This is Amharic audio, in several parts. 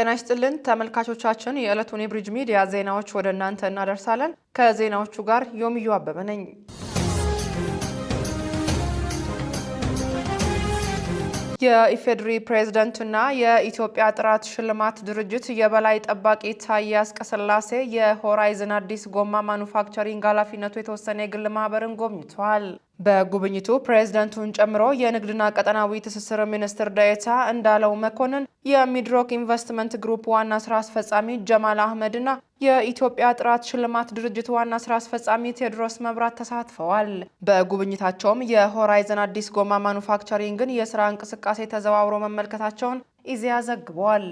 ጤና ይስጥልን ተመልካቾቻችን፣ የዕለቱን የብሪጅ ሚዲያ ዜናዎች ወደ እናንተ እናደርሳለን። ከዜናዎቹ ጋር ዮምዮ አበበ ነኝ። የኢፌዴሪ ፕሬዝደንትና የኢትዮጵያ ጥራት ሽልማት ድርጅት የበላይ ጠባቂ ታዬ አጽቀሥላሴ የሆራይዝን አዲስ ጎማ ማኑፋክቸሪንግ ኃላፊነቱ የተወሰነ የግል ማህበርን ጎብኝተዋል። በጉብኝቱ ፕሬዝደንቱን ጨምሮ የንግድና ቀጠናዊ ትስስር ሚኒስትር ዴኤታ እንዳለው መኮንን፣ የሚድሮክ ኢንቨስትመንት ግሩፕ ዋና ስራ አስፈጻሚ ጀማል አህመድ የኢትዮጵያ ጥራት ሽልማት ድርጅት ዋና ስራ አስፈጻሚ ቴዎድሮስ መብራት ተሳትፈዋል። በጉብኝታቸውም የሆራይዘን አዲስ ጎማ ማኑፋክቸሪንግን የስራ እንቅስቃሴ ተዘዋውሮ መመልከታቸውን ኢዜአ ዘግቧል።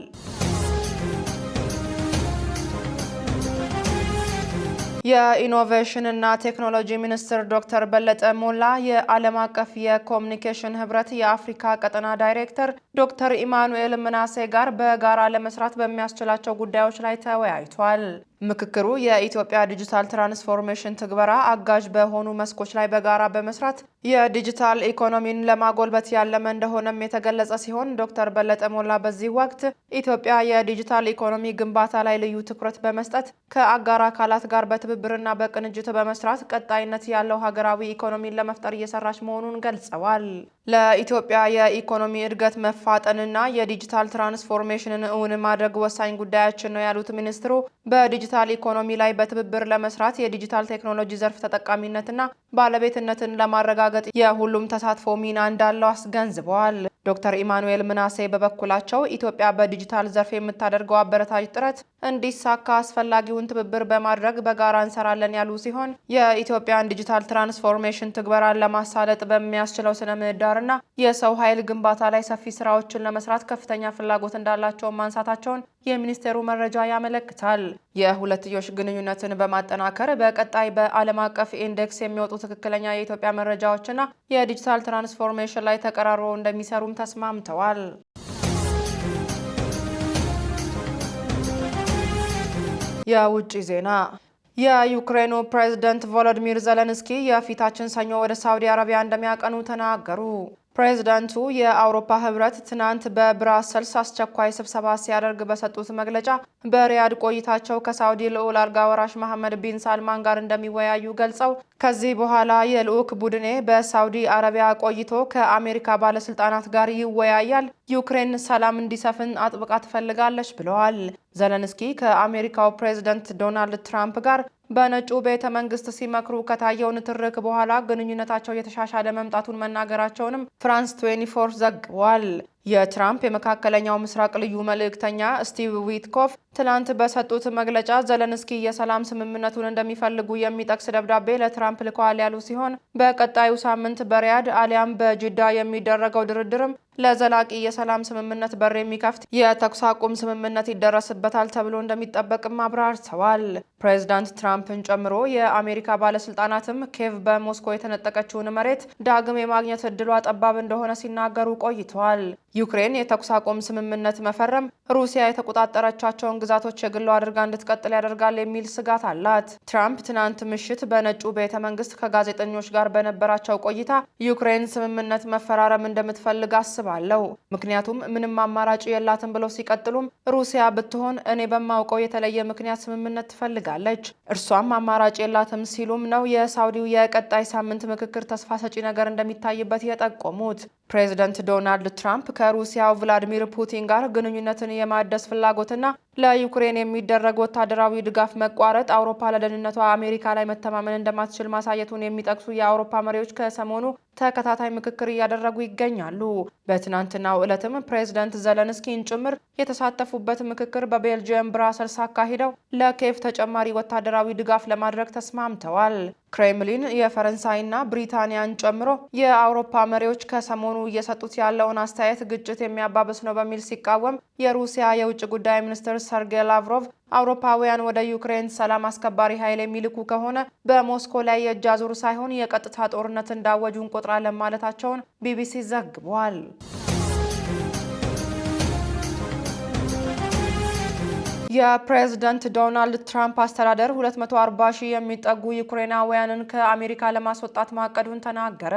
የኢኖቬሽን ና ቴክኖሎጂ ሚኒስትር ዶክተር በለጠ ሞላ፣ የዓለም አቀፍ የኮሚኒኬሽን ህብረት የአፍሪካ ቀጠና ዳይሬክተር ዶክተር ኢማኑኤል ምናሴ ጋር በጋራ ለመስራት በሚያስችላቸው ጉዳዮች ላይ ተወያይቷል። ምክክሩ የኢትዮጵያ ዲጂታል ትራንስፎርሜሽን ትግበራ አጋዥ በሆኑ መስኮች ላይ በጋራ በመስራት የዲጂታል ኢኮኖሚን ለማጎልበት ያለመ እንደሆነም የተገለጸ ሲሆን ዶክተር በለጠ ሞላ በዚህ ወቅት ኢትዮጵያ የዲጂታል ኢኮኖሚ ግንባታ ላይ ልዩ ትኩረት በመስጠት ከአጋር አካላት ጋር በትብብርና በቅንጅት በመስራት ቀጣይነት ያለው ሀገራዊ ኢኮኖሚን ለመፍጠር እየሰራች መሆኑን ገልጸዋል። ለኢትዮጵያ የኢኮኖሚ እድገት መፋጠንና የዲጂታል ትራንስፎርሜሽንን እውን ማድረግ ወሳኝ ጉዳያችን ነው ያሉት ሚኒስትሩ በዲጂ በዲጂታል ኢኮኖሚ ላይ በትብብር ለመስራት የዲጂታል ቴክኖሎጂ ዘርፍ ተጠቃሚነትና ባለቤትነትን ለማረጋገጥ የሁሉም ተሳትፎ ሚና እንዳለው አስገንዝበዋል። ዶክተር ኢማኑኤል ምናሴ በበኩላቸው ኢትዮጵያ በዲጂታል ዘርፍ የምታደርገው አበረታች ጥረት እንዲሳካ አስፈላጊውን ትብብር በማድረግ በጋራ እንሰራለን ያሉ ሲሆን የኢትዮጵያን ዲጂታል ትራንስፎርሜሽን ትግበራን ለማሳለጥ በሚያስችለው ስነ ምህዳርና የሰው ኃይል ግንባታ ላይ ሰፊ ስራዎችን ለመስራት ከፍተኛ ፍላጎት እንዳላቸው ማንሳታቸውን የሚኒስቴሩ መረጃ ያመለክታል። የሁለትዮሽ ግንኙነትን በማጠናከር በቀጣይ በዓለም አቀፍ ኢንዴክስ የሚወጡ ትክክለኛ የኢትዮጵያ መረጃዎችና የዲጂታል ትራንስፎርሜሽን ላይ ተቀራርበው እንደሚሰሩም ተስማምተዋል። የውጭ ዜና የዩክሬኑ ፕሬዝደንት ቮሎዲሚር ዘለንስኪ የፊታችን ሰኞ ወደ ሳውዲ አረቢያ እንደሚያቀኑ ተናገሩ። ፕሬዝዳንቱ የአውሮፓ ህብረት ትናንት በብራሰልስ አስቸኳይ ስብሰባ ሲያደርግ በሰጡት መግለጫ በሪያድ ቆይታቸው ከሳውዲ ልዑል አልጋ ወራሽ መሐመድ ቢን ሳልማን ጋር እንደሚወያዩ ገልጸው ከዚህ በኋላ የልዑክ ቡድኔ በሳውዲ አረቢያ ቆይቶ ከአሜሪካ ባለስልጣናት ጋር ይወያያል። ዩክሬን ሰላም እንዲሰፍን አጥብቃ ትፈልጋለች ብለዋል። ዘለንስኪ ከአሜሪካው ፕሬዝደንት ዶናልድ ትራምፕ ጋር በነጩ ቤተ መንግስት ሲመክሩ ከታየው ንትርክ በኋላ ግንኙነታቸው የተሻሻለ መምጣቱን መናገራቸውንም ፍራንስ 24 ዘግቧል። የትራምፕ የመካከለኛው ምስራቅ ልዩ መልእክተኛ ስቲቭ ዊትኮፍ ትላንት በሰጡት መግለጫ ዘለንስኪ የሰላም ስምምነቱን እንደሚፈልጉ የሚጠቅስ ደብዳቤ ለትራምፕ ልከዋል ያሉ ሲሆን በቀጣዩ ሳምንት በሪያድ አሊያም በጅዳ የሚደረገው ድርድርም ለዘላቂ የሰላም ስምምነት በር የሚከፍት የተኩስ አቁም ስምምነት ይደረስበታል ተብሎ እንደሚጠበቅም አብራርተዋል። ፕሬዚዳንት ትራምፕን ጨምሮ የአሜሪካ ባለስልጣናትም ኬቭ በሞስኮ የተነጠቀችውን መሬት ዳግም የማግኘት እድሏ ጠባብ እንደሆነ ሲናገሩ ቆይተዋል። ዩክሬን የተኩስ አቁም ስምምነት መፈረም ሩሲያ የተቆጣጠረቻቸውን ግዛቶች የግለው አድርጋ እንድትቀጥል ያደርጋል የሚል ስጋት አላት። ትራምፕ ትናንት ምሽት በነጩ ቤተ መንግስት ከጋዜጠኞች ጋር በነበራቸው ቆይታ ዩክሬን ስምምነት መፈራረም እንደምትፈልግ አስባለሁ፣ ምክንያቱም ምንም አማራጭ የላትም ብለው ሲቀጥሉም ሩሲያ ብትሆን እኔ በማውቀው የተለየ ምክንያት ስምምነት ትፈልጋለች፣ እርሷም አማራጭ የላትም ሲሉም ነው የሳውዲው የቀጣይ ሳምንት ምክክር ተስፋ ሰጪ ነገር እንደሚታይበት የጠቆሙት። ፕሬዚደንት ዶናልድ ትራምፕ ከሩሲያው ቭላዲሚር ፑቲን ጋር ግንኙነትን የማደስ ፍላጎትና ለዩክሬን የሚደረግ ወታደራዊ ድጋፍ መቋረጥ አውሮፓ ለደህንነቷ አሜሪካ ላይ መተማመን እንደማትችል ማሳየቱን የሚጠቅሱ የአውሮፓ መሪዎች ከሰሞኑ ተከታታይ ምክክር እያደረጉ ይገኛሉ። በትናንትናው ዕለትም ፕሬዝደንት ዘለንስኪን ጭምር የተሳተፉበት ምክክር በቤልጅየም ብራሰልስ አካሂደው ለኬቭ ተጨማሪ ወታደራዊ ድጋፍ ለማድረግ ተስማምተዋል። ክሬምሊን የፈረንሳይና ብሪታንያን ጨምሮ የአውሮፓ መሪዎች ከሰሞኑ እየሰጡት ያለውን አስተያየት ግጭት የሚያባብስ ነው በሚል ሲቃወም የሩሲያ የውጭ ጉዳይ ሚኒስትር ሰርጌይ ላቭሮቭ አውሮፓውያን ወደ ዩክሬን ሰላም አስከባሪ ኃይል የሚልኩ ከሆነ በሞስኮ ላይ የእጅ አዙር ሳይሆን የቀጥታ ጦርነት እንዳወጁ እንቆጥራለን ማለታቸውን ቢቢሲ ዘግቧል። የፕሬዝደንት ዶናልድ ትራምፕ አስተዳደር 240 ሺህ የሚጠጉ ዩክሬናውያንን ከአሜሪካ ለማስወጣት ማቀዱን ተናገረ።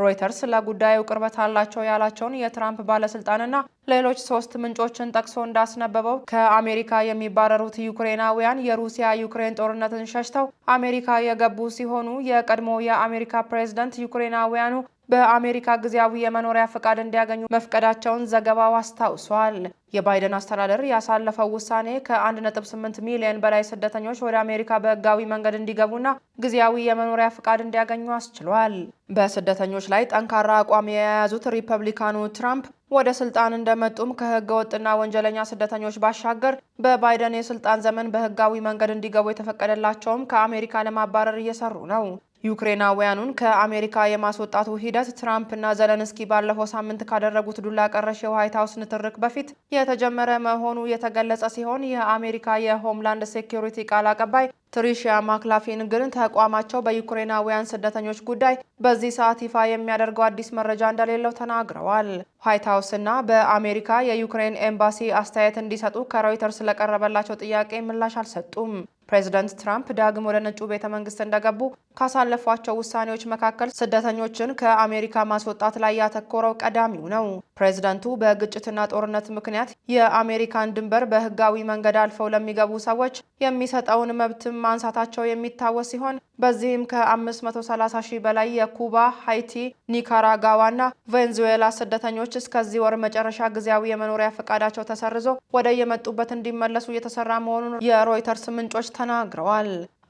ሮይተርስ ለጉዳዩ ቅርበት አላቸው ያላቸውን የትራምፕ ባለስልጣንና ሌሎች ሶስት ምንጮችን ጠቅሶ እንዳስነበበው ከአሜሪካ የሚባረሩት ዩክሬናውያን የሩሲያ ዩክሬን ጦርነትን ሸሽተው አሜሪካ የገቡ ሲሆኑ የቀድሞ የአሜሪካ ፕሬዝደንት ዩክሬናውያኑ በአሜሪካ ጊዜያዊ የመኖሪያ ፈቃድ እንዲያገኙ መፍቀዳቸውን ዘገባው አስታውሷል። የባይደን አስተዳደር ያሳለፈው ውሳኔ ከ1.8 ሚሊዮን በላይ ስደተኞች ወደ አሜሪካ በህጋዊ መንገድ እንዲገቡና ጊዜያዊ የመኖሪያ ፈቃድ እንዲያገኙ አስችሏል። በስደተኞች ላይ ጠንካራ አቋም የያዙት ሪፐብሊካኑ ትራምፕ ወደ ስልጣን እንደመጡም ከህገ ወጥና ወንጀለኛ ስደተኞች ባሻገር በባይደን የስልጣን ዘመን በህጋዊ መንገድ እንዲገቡ የተፈቀደላቸውም ከአሜሪካ ለማባረር እየሰሩ ነው። ዩክሬናውያኑን ከአሜሪካ የማስወጣቱ ሂደት ትራምፕና ዘለንስኪ ባለፈው ሳምንት ካደረጉት ዱላ ቀረሽ የዋይት ሀውስ ንትርክ በፊት የተጀመረ መሆኑ የተገለጸ ሲሆን የአሜሪካ የሆምላንድ ሴኪሪቲ ቃል አቀባይ ትሪሺያ ማክላፊን ግን ተቋማቸው በዩክሬናውያን ስደተኞች ጉዳይ በዚህ ሰዓት ይፋ የሚያደርገው አዲስ መረጃ እንደሌለው ተናግረዋል። ዋይት ሀውስ እና በአሜሪካ የዩክሬን ኤምባሲ አስተያየት እንዲሰጡ ከሮይተርስ ለቀረበላቸው ጥያቄ ምላሽ አልሰጡም። ፕሬዚደንት ትራምፕ ዳግም ወደ ነጩ ቤተ መንግስት እንደገቡ ካሳለፏቸው ውሳኔዎች መካከል ስደተኞችን ከአሜሪካ ማስወጣት ላይ ያተኮረው ቀዳሚው ነው። ፕሬዝደንቱ በግጭትና ጦርነት ምክንያት የአሜሪካን ድንበር በህጋዊ መንገድ አልፈው ለሚገቡ ሰዎች የሚሰጠውን መብትም ማንሳታቸው የሚታወስ ሲሆን በዚህም ከ530 ሺህ በላይ የኩባ፣ ሃይቲ፣ ኒካራጋዋና ቬንዙዌላ ስደተኞች እስከዚህ ወር መጨረሻ ጊዜያዊ የመኖሪያ ፈቃዳቸው ተሰርዞ ወደ የመጡበት እንዲመለሱ እየተሰራ መሆኑን የሮይተርስ ምንጮች ተናግረዋል።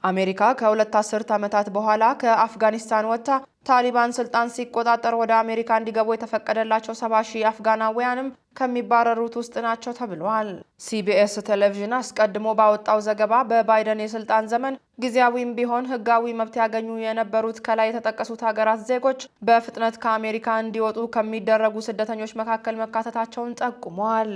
አሜሪካ ከሁለት አስርት ዓመታት በኋላ ከአፍጋኒስታን ወጥታ ታሊባን ስልጣን ሲቆጣጠር ወደ አሜሪካ እንዲገቡ የተፈቀደላቸው ሰባ ሺህ አፍጋናውያንም ከሚባረሩት ውስጥ ናቸው ተብሏል። ሲቢኤስ ቴሌቪዥን አስቀድሞ ባወጣው ዘገባ በባይደን የስልጣን ዘመን ጊዜያዊም ቢሆን ህጋዊ መብት ያገኙ የነበሩት ከላይ የተጠቀሱት ሀገራት ዜጎች በፍጥነት ከአሜሪካ እንዲወጡ ከሚደረጉ ስደተኞች መካከል መካተታቸውን ጠቁሟል።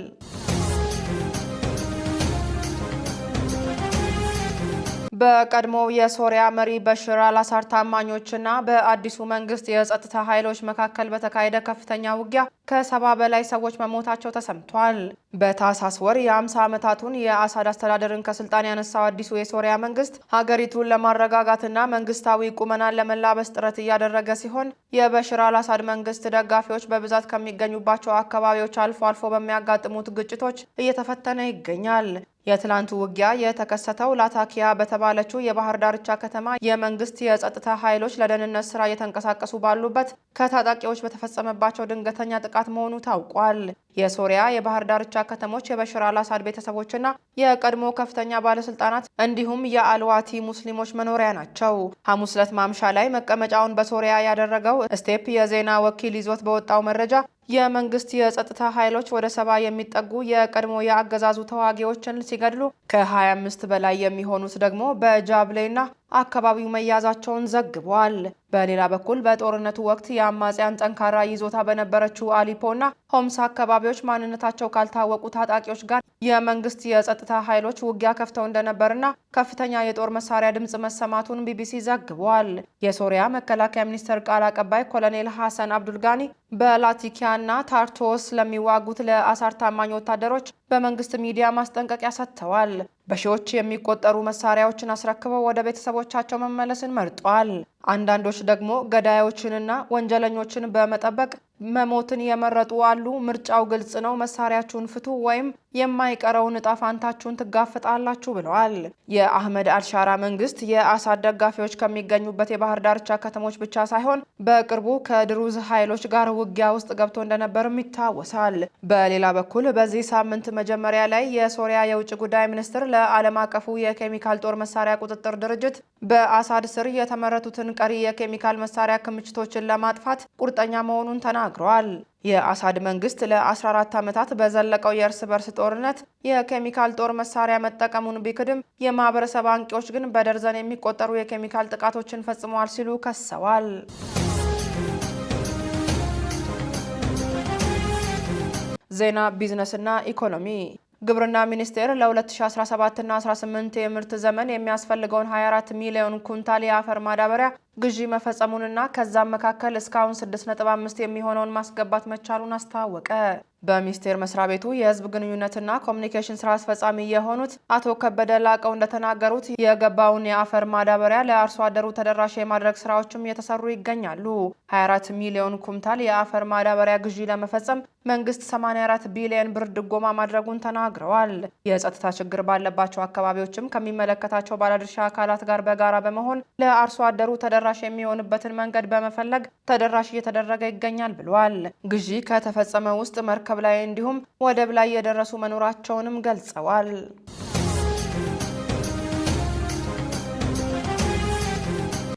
በቀድሞው የሶሪያ መሪ በሽር አልአሳድ ታማኞችና በአዲሱ መንግስት የጸጥታ ኃይሎች መካከል በተካሄደ ከፍተኛ ውጊያ ከሰባ በላይ ሰዎች መሞታቸው ተሰምቷል። በታህሳስ ወር የ50 ዓመታቱን የአሳድ አስተዳደርን ከስልጣን ያነሳው አዲሱ የሶሪያ መንግስት ሀገሪቱን ለማረጋጋትና መንግስታዊ ቁመናን ለመላበስ ጥረት እያደረገ ሲሆን የበሽር አልአሳድ መንግስት ደጋፊዎች በብዛት ከሚገኙባቸው አካባቢዎች አልፎ አልፎ በሚያጋጥሙት ግጭቶች እየተፈተነ ይገኛል። የትላንቱ ውጊያ የተከሰተው ላታኪያ በተባለችው የባህር ዳርቻ ከተማ የመንግስት የጸጥታ ኃይሎች ለደህንነት ስራ እየተንቀሳቀሱ ባሉበት ከታጣቂዎች በተፈጸመባቸው ድንገተኛ ጥቃት መሆኑ ታውቋል። የሶሪያ የባህር ዳርቻ ከተሞች የበሽር አልአሳድ ቤተሰቦችና የቀድሞ ከፍተኛ ባለስልጣናት እንዲሁም የአልዋቲ ሙስሊሞች መኖሪያ ናቸው። ሐሙስ ዕለት ማምሻ ላይ መቀመጫውን በሶሪያ ያደረገው ስቴፕ የዜና ወኪል ይዞት በወጣው መረጃ የመንግስት የጸጥታ ኃይሎች ወደ ሰባ የሚጠጉ የቀድሞ የአገዛዙ ተዋጊዎችን ሲገድሉ ከ25 በላይ የሚሆኑት ደግሞ በጃብሌና አካባቢው መያዛቸውን ዘግቧል። በሌላ በኩል በጦርነቱ ወቅት የአማጽያን ጠንካራ ይዞታ በነበረችው አሊፖና ሆምስ አካባቢ አካባቢዎች ማንነታቸው ካልታወቁ ታጣቂዎች ጋር የመንግስት የጸጥታ ኃይሎች ውጊያ ከፍተው እንደነበርና ከፍተኛ የጦር መሳሪያ ድምፅ መሰማቱን ቢቢሲ ዘግቧል። የሶሪያ መከላከያ ሚኒስቴር ቃል አቀባይ ኮሎኔል ሐሰን አብዱልጋኒ በላቲኪያና ታርቶስ ለሚዋጉት ለአሳር ታማኝ ወታደሮች በመንግስት ሚዲያ ማስጠንቀቂያ ሰጥተዋል። በሺዎች የሚቆጠሩ መሳሪያዎችን አስረክበው ወደ ቤተሰቦቻቸው መመለስን መርጧል። አንዳንዶች ደግሞ ገዳዮችንና ወንጀለኞችን በመጠበቅ መሞትን የመረጡ አሉ። ምርጫው ግልጽ ነው። መሳሪያችሁን ፍቱ ወይም የማይቀረውን እጣ ፋንታችሁን ትጋፍጣላችሁ ብለዋል። የአህመድ አልሻራ መንግስት የአሳድ ደጋፊዎች ከሚገኙበት የባህር ዳርቻ ከተሞች ብቻ ሳይሆን በቅርቡ ከድሩዝ ኃይሎች ጋር ውጊያ ውስጥ ገብቶ እንደነበርም ይታወሳል። በሌላ በኩል በዚህ ሳምንት መጀመሪያ ላይ የሶሪያ የውጭ ጉዳይ ሚኒስትር ለዓለም አቀፉ የኬሚካል ጦር መሳሪያ ቁጥጥር ድርጅት በአሳድ ስር የተመረቱትን ቀሪ የኬሚካል መሳሪያ ክምችቶችን ለማጥፋት ቁርጠኛ መሆኑን ተናግረዋል። የአሳድ መንግስት ለ14 ዓመታት በዘለቀው የእርስ በርስ ጦርነት የኬሚካል ጦር መሳሪያ መጠቀሙን ቢክድም የማህበረሰብ አንቂዎች ግን በደርዘን የሚቆጠሩ የኬሚካል ጥቃቶችን ፈጽመዋል ሲሉ ከሰዋል። ዜና ቢዝነስና ኢኮኖሚ ግብርና ሚኒስቴር ለ2017ና 18 የምርት ዘመን የሚያስፈልገውን 24 ሚሊዮን ኩንታል የአፈር ማዳበሪያ ግዢ መፈጸሙንና ከዛም መካከል እስካሁን 6.5 የሚሆነውን ማስገባት መቻሉን አስታወቀ። በሚኒስቴር መስሪያ ቤቱ የህዝብ ግንኙነትና ኮሚኒኬሽን ስራ አስፈጻሚ የሆኑት አቶ ከበደ ላቀው እንደተናገሩት የገባውን የአፈር ማዳበሪያ ለአርሶ አደሩ ተደራሽ የማድረግ ስራዎችም እየተሰሩ ይገኛሉ። 24 ሚሊዮን ኩምታል የአፈር ማዳበሪያ ግዢ ለመፈጸም መንግስት 84 ቢሊዮን ብር ድጎማ ማድረጉን ተናግረዋል። የጸጥታ ችግር ባለባቸው አካባቢዎችም ከሚመለከታቸው ባለድርሻ አካላት ጋር በጋራ በመሆን ለአርሶ አደሩ ተደራ ተደራሽ የሚሆንበትን መንገድ በመፈለግ ተደራሽ እየተደረገ ይገኛል ብሏል። ግዢ ከተፈጸመ ውስጥ መርከብ ላይ እንዲሁም ወደብ ላይ የደረሱ መኖራቸውንም ገልጸዋል።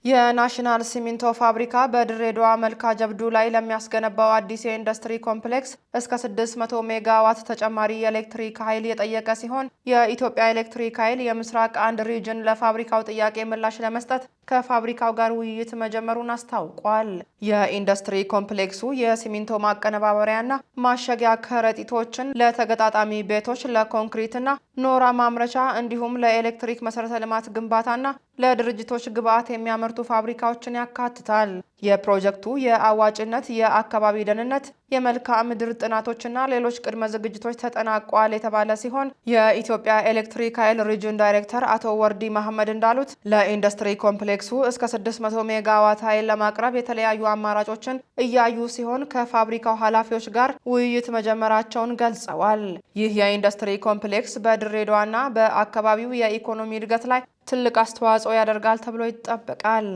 የናሽናል ሲሚንቶ ፋብሪካ በድሬዳዋ መልካ ጀብዱ ላይ ለሚያስገነባው አዲስ የኢንዱስትሪ ኮምፕሌክስ እስከ 600 ሜጋዋት ተጨማሪ የኤሌክትሪክ ኃይል የጠየቀ ሲሆን የኢትዮጵያ ኤሌክትሪክ ኃይል የምስራቅ አንድ ሪጅን ለፋብሪካው ጥያቄ ምላሽ ለመስጠት ከፋብሪካው ጋር ውይይት መጀመሩን አስታውቋል። የኢንዱስትሪ ኮምፕሌክሱ የሲሚንቶ ማቀነባበሪያና ማሸጊያ ከረጢቶችን ለተገጣጣሚ ቤቶች፣ ለኮንክሪትና ኖራ ማምረቻ እንዲሁም ለኤሌክትሪክ መሰረተ ልማት ግንባታና ለድርጅቶች ግብዓት የሚያመርቱ ፋብሪካዎችን ያካትታል። የፕሮጀክቱ የአዋጭነት፣ የአካባቢ ደህንነት፣ የመልክዓ ምድር ጥናቶችና ሌሎች ቅድመ ዝግጅቶች ተጠናቋል የተባለ ሲሆን የኢትዮጵያ ኤሌክትሪክ ኃይል ሪጅን ዳይሬክተር አቶ ወርዲ መሐመድ እንዳሉት ለኢንዱስትሪ ኮምፕሌክሱ እስከ 600 ሜጋዋት ኃይል ለማቅረብ የተለያዩ አማራጮችን እያዩ ሲሆን ከፋብሪካው ኃላፊዎች ጋር ውይይት መጀመራቸውን ገልጸዋል። ይህ የኢንዱስትሪ ኮምፕሌክስ በድሬዳዋና በአካባቢው የኢኮኖሚ እድገት ላይ ትልቅ አስተዋጽኦ ያደርጋል ተብሎ ይጠበቃል።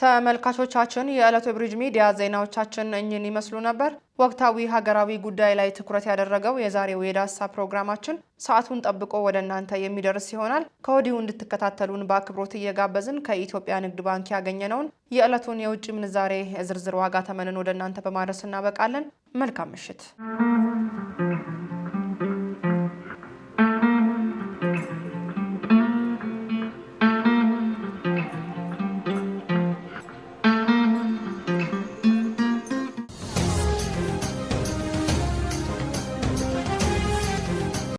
ተመልካቾቻችን የዕለቱ የብሪጅ ሚዲያ ዜናዎቻችን እኝን ይመስሉ ነበር። ወቅታዊ ሀገራዊ ጉዳይ ላይ ትኩረት ያደረገው የዛሬው የዳሰሳ ፕሮግራማችን ሰዓቱን ጠብቆ ወደ እናንተ የሚደርስ ይሆናል። ከወዲሁ እንድትከታተሉን በአክብሮት እየጋበዝን ከኢትዮጵያ ንግድ ባንክ ያገኘነውን የዕለቱን የውጭ ምንዛሬ ዝርዝር ዋጋ ተመንን ወደ እናንተ በማድረስ እናበቃለን። መልካም ምሽት።